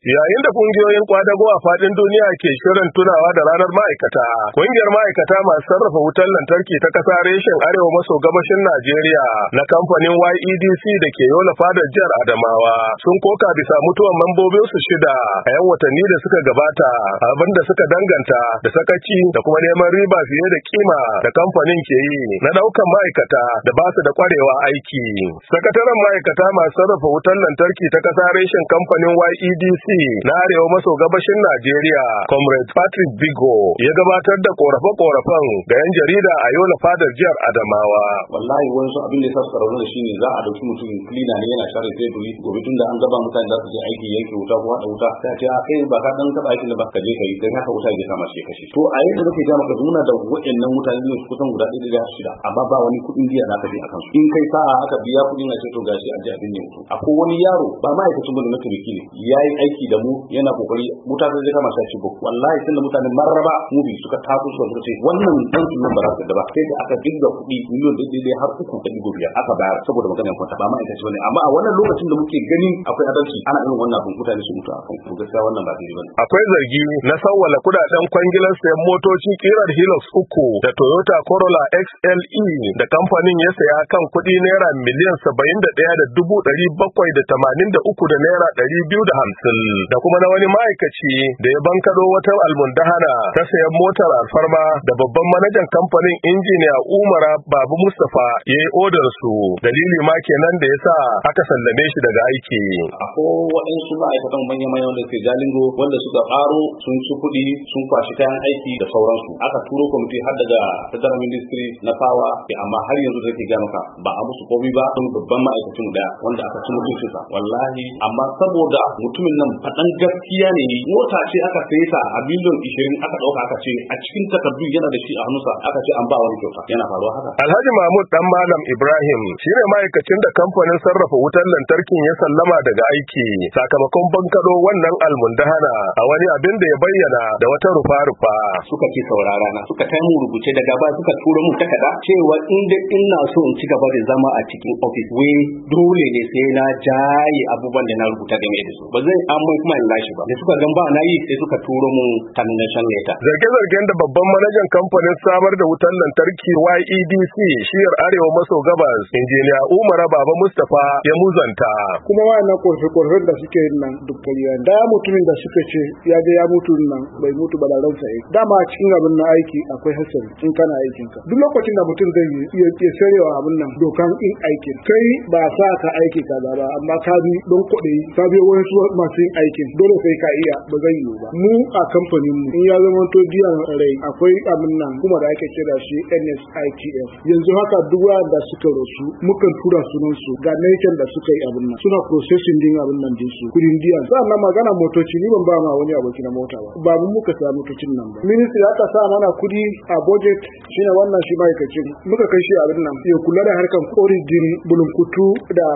Yayin da kungiyoyin kwadago a fadin duniya ke shirin tunawa da ranar ma'aikata, kungiyar ma'aikata masu sarrafa wutar lantarki ta kasa reshen arewa maso gabashin Najeriya na kamfanin YEDC da ke yola fadar jihar Adamawa sun koka bisa mutuwan su shida a yan watanni da suka gabata abin da suka danganta da sakaci da kuma neman riba fiye da kima da kamfanin ke yi na daukan ma'aikata da ba su da kwarewa aiki. Sakataren ma'aikata masu sarrafa wutar lantarki ta kasa reshen kamfanin YEDC gwamnati na arewa maso gabashin Najeriya Comrade Patrick Bigo ya gabatar da korafe-korafen ga 'yan jarida a na fadar jihar Adamawa. Wallahi wani abin da ya sa da shi ne za a dauki mutum kulina ne yana share feduri gobe tun da an gaba mutane za su je aiki yanke wuta ko haɗa wuta ta ce a kai ba ka ɗan taɓa aikin da ba ka je yi dan haka wuta ya kama shi kashe. To a yadda nake ga maka muna da waɗannan mutane ne kusan guda ɗaya da shida amma ba wani kuɗin biya za ka biya kan su. In kai sa'a aka biya kuɗin a ce to gashi a ji abin ne. Akwai wani yaro ba ma'aikacin gwamnati ne ya yi aiki aiki da mu yana kokari mutane zai kama shi ba wallahi tunda mutane marraba mu bi suka tafi su suka sai wannan dan su nan ba za su da ba sai da aka dinga kuɗi miliyon ɗaya dai har uku da ɗigo biyar aka bayar saboda maganar kwanta ba ma ita ce wani amma a wannan lokacin da muke ganin akwai adalci ana irin wannan abin mutane su mutu a kan to gaskiya wannan ba daidai bane akwai zargi na sawwala kudaden kwangilan sayan motoci kirar Hilux uku da Toyota Corolla XLE da kamfanin ya saya kan kuɗi naira miliyan saba'in da ɗaya da dubu ɗari bakwai da tamanin da uku da naira ɗari biyu da hamsin Mm. da kuma na wani ma'aikaci da ya bankaro wata almundahana ta sayan motar alfarma da babban manajan kamfanin injiniya Umar babu mustapha ya yi odar su dalili ma kenan da ya sa aka sallame shi daga aiki akwai waɗansu ma'aikatan manya-manya wanda ke jalingo wanda suka ƙaro sun ci kuɗi sun kwashi kayan aiki da sauransu aka turo kwamiti har daga federal ministry na fawa eh, amma har yanzu da ke gaya maka ba a musu komi ba don babban ma'aikacin da wanda aka ci mutuncinsa wallahi amma saboda mutumin nan faɗan gaskiya ne mota ce aka sai ta a miliyan ishirin aka ɗauka aka ce a cikin takardu yana da shi a hannunsa aka ce an ba wani kyauta yana faruwa haka. Alhaji Mahmud dan Malam Ibrahim shi ne ma'aikacin da kamfanin sarrafa wutar lantarkin ya sallama daga aiki sakamakon bankaɗo wannan almundahana a wani abin da ya bayyana da wata rufa-rufa. Suka ce saurara na suka kai mu rubuce daga baya suka tura mu takarda cewa in da ina so in ci gaba da zama a cikin ofis wai dole ne sai na jaye abubuwan da na rubuta game da su ba zai ban kuma in lashi ba da suka gan ba na yi sai suka turo mun termination letter zarge-zargen da babban manajan kamfanin samar da wutar lantarki YEDC shiyar arewa maso gabas injiniya Umar Baba Mustapha ya muzanta kuma wayannan kurfi korfen da suke yin nan duk kariya da mutumin da suka ce ya ga ya mutu nan bai mutu ba da ransa dama cikin abin na aiki akwai hasari in kana aikin ka duk lokacin da mutum zai yi ya ke sarewa abin nan dokan in aikin kai ba sa ka aiki kaza ba amma ka bi don kuɗi ka bi wani masu yin aikin dole sai ka iya ba zai yi ba mu a kamfanin mu in ya zama to biyan rai akwai abin nan kuma da ake kira shi NSITF yanzu haka duk da suka rasu mukan tura sunan su ga nation da suka yi abin nan suna processing din abin nan din su kudin biyan sannan magana motoci ni ban ba ma wani aboki na mota ba babu muka samu motocin nan ba ministry aka sa mana kudi a budget shine wannan shi ma'aikacin muka kai shi abin nan ya kula da harkan origin bulunkutu da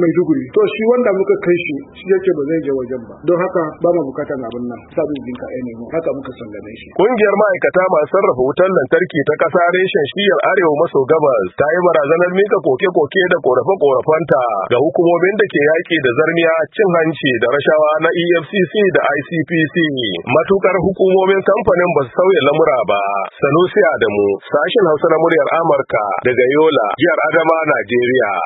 maiduguri to shi wanda muka kai shi shi yake ba zai je wajen ba don haka ba mu bukatan abin nan sabu jin ka ainihin, haka muka gane shi kungiyar ma'aikata masu sarrafa wutar lantarki ta kasa reshen shiyar arewa maso gabas ta yi barazanar mika koke-koke da korafe-korafenta ga hukumomin da ke yaƙi da zarniya cin hanci da rashawa na efcc da icpc matukar hukumomin kamfanin ba su sauya lamura ba sanusi adamu sashen hausa na muryar amurka daga yola jihar adama najeriya